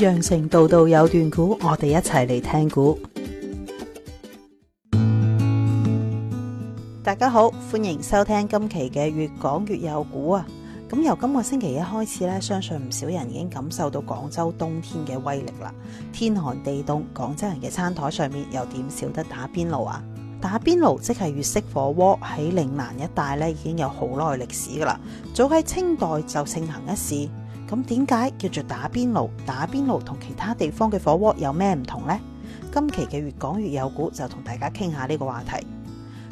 羊城道道有段古，我哋一齊嚟聽古。大家好，歡迎收聽今期嘅粵講粵有古啊！咁由今個星期一開始咧，相信唔少人已經感受到廣州冬天嘅威力啦。天寒地凍，廣州人嘅餐台上面又點少得打邊爐啊？打邊爐即係粵式火鍋，喺嶺南一帶咧已經有好耐歷史噶啦，早喺清代就盛行一時。咁點解叫做打邊爐？打邊爐同其他地方嘅火鍋有咩唔同呢？今期嘅粵講粵有古就同大家傾下呢個話題。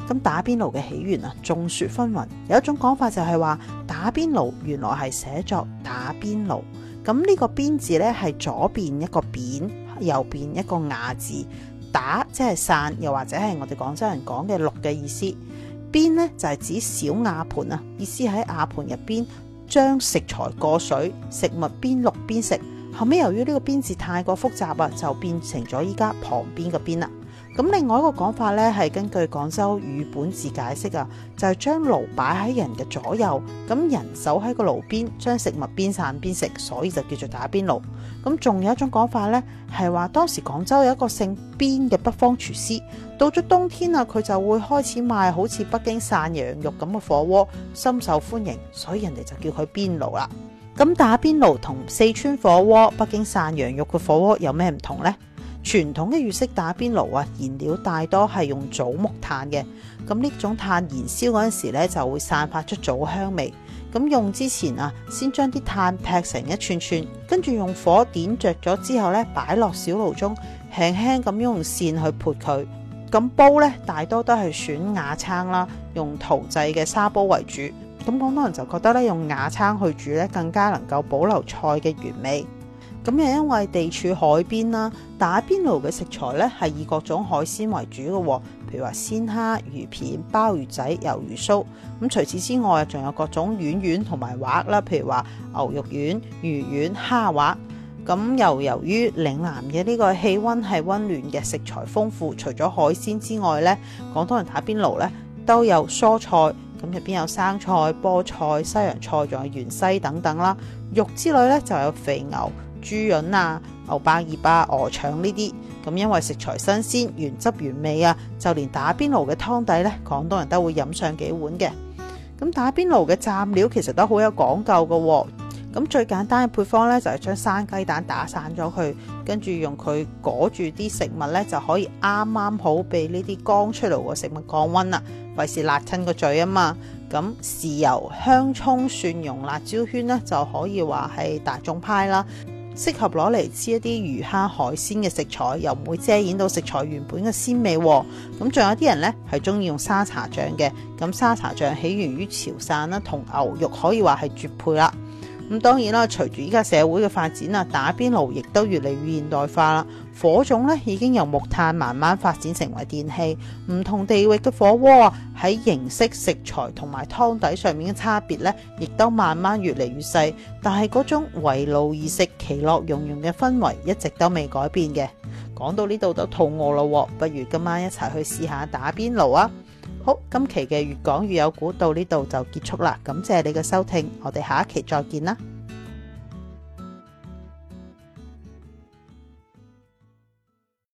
咁打邊爐嘅起源啊，眾說紛紜。有一種講法就係話打邊爐原來係寫作打甂爐。咁呢個甂字呢，係左邊一個扁，右邊一個瓦字。打即係散，又或者係我哋廣州人講嘅淥嘅意思。邊呢，就係、是、指小瓦盤啊，意思喺瓦盤入邊。將食材過水，食物邊錄邊食，後尾由於呢個甂字太過複雜啊，就變成咗依家旁邊個邊啦。咁另外一個講法咧，係根據廣州語本字解釋啊，就係將爐擺喺人嘅左右，咁人守喺個爐邊，將食物邊涮邊食，所以就叫做打邊爐。咁仲有一種講法呢，係話當時廣州有一個姓邊嘅北方廚師，到咗冬天啊，佢就會開始賣好似北京涮羊肉咁嘅火鍋，深受歡迎，所以人哋就叫佢邊爐啦。咁打邊爐同四川火鍋、北京涮羊肉嘅火鍋有咩唔同呢？傳統嘅粵式打邊爐啊，燃料大多係用棗木炭嘅，咁呢種炭燃燒嗰陣時咧，就會散發出棗香味。咁用之前啊，先將啲炭劈成一串串，跟住用火點着咗之後咧，擺落小爐中，輕輕咁用扇去撥佢。咁煲咧大多都係選瓦罉啦，用陶製嘅砂煲為主。咁好多人就覺得咧，用瓦罉去煮咧，更加能夠保留菜嘅原味。咁又因為地處海邊啦，打邊爐嘅食材咧係以各種海鮮為主嘅喎，譬如話鮮蝦、魚片、鮑魚仔、魷魚鬚。咁除此之外，仲有各種丸丸同埋滑啦，譬如話牛肉丸、魚丸、蝦滑。咁又由於嶺南嘅呢個氣温係温暖嘅，食材豐富。除咗海鮮之外咧，廣東人打邊爐咧都有蔬菜，咁入邊有生菜、菠菜、西洋菜，仲有芫茜等等啦。肉之類咧就有肥牛。豬潤啊、牛百葉啊、鵝腸呢啲咁，因為食材新鮮、原汁原味啊，就連打邊爐嘅湯底呢，廣東人都會飲上幾碗嘅。咁打邊爐嘅蘸料其實都好有講究嘅啊。咁最簡單嘅配方呢，就係、是、將生雞蛋打散咗佢，跟住用佢裹住啲食物呢，就可以啱啱好俾呢啲剛出爐嘅食物降温啦。費事辣親個嘴啊嘛。咁，豉油、香葱、蒜蓉、辣椒圈呢，就可以話係大眾派啦。適合攞嚟黐一啲魚蝦海鮮嘅食材，又唔會遮掩到食材原本嘅鮮味。咁仲有啲人呢，係中意用沙茶醬嘅。咁沙茶醬起源於潮汕啦，同牛肉可以話係絕配啦。咁當然啦，隨住依家社會嘅發展啊，打邊爐亦都越嚟越現代化啦。火種咧已經由木炭慢慢發展成為電器。唔同地域嘅火鍋喺形式、食材同埋湯底上面嘅差別咧，亦都慢慢越嚟越細。但係嗰種圍爐而食、其樂融融嘅氛圍一直都未改變嘅。講到呢度都肚餓啦，不如今晚一齊去試下打邊爐啊！好，今期嘅粵講粵有古到呢度就結束啦，感謝你嘅收聽，我哋下一期再見啦。